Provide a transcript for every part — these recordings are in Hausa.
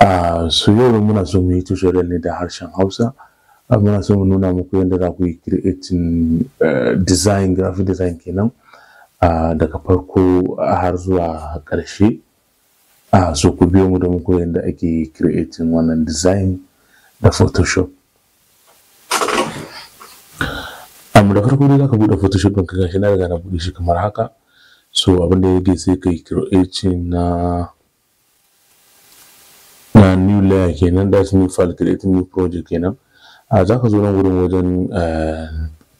a su yau muna so mu yi ne da harshen hausa muna so mu nuna muku yadda za ku yi creating eh, design graphic design kenan ah, daga farko har zuwa ƙarshe a ah, so ku biyo mu da muku yadda ake creating wannan design da photoshop amma ah, da farko dai ka buɗe photoshop ɗin ka gashi na riga na bude shi kamar haka so abin da ya sai kai creating na a new layer kenan that's new file create new project kenan a ah, za ka zo nan wurin wajen eh,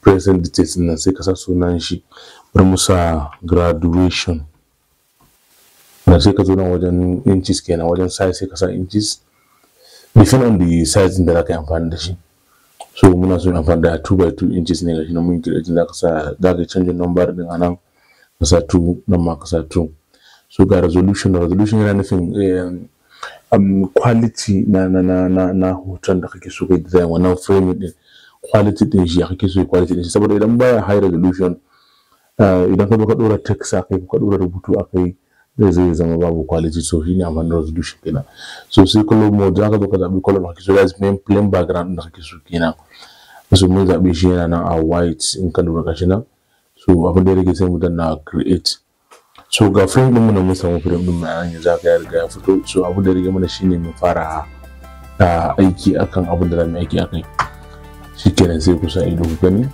present details na sai ka sa sunan shi bar musa graduation na sai ka zo nan wajen inches kenan wajen size sai ka sa inches depend on the size da za ka amfani da shi so muna so amfani da 2 by 2 inches ne gashi na mun kira za ka sa za ka change number din anan ka sa 2 nan ma ka sa 2 so ga resolution resolution yana nufin eh, um, quality na na na na na hoton da kake so kai design wannan frame din quality din shi kake so quality din shi saboda idan baya high resolution uh, idan ka zo ka dora text a kai ka dora rubutu a kai zai zai zama babu quality so shine amfani da resolution kenan so sai color mode zaka zo ka zabi color da kake so guys main plain background da kake so kenan so mun zabe shi yana nan a white in ka lura gashi nan so abin da ya rage sai mu danna create so ga film din na mun samu film din mu yanzu aka ya riga ya fito so abin da riga mana shine mu fara ah, aiki akan abin da zamu aiki akan shikenan sai ku sa ido ku gani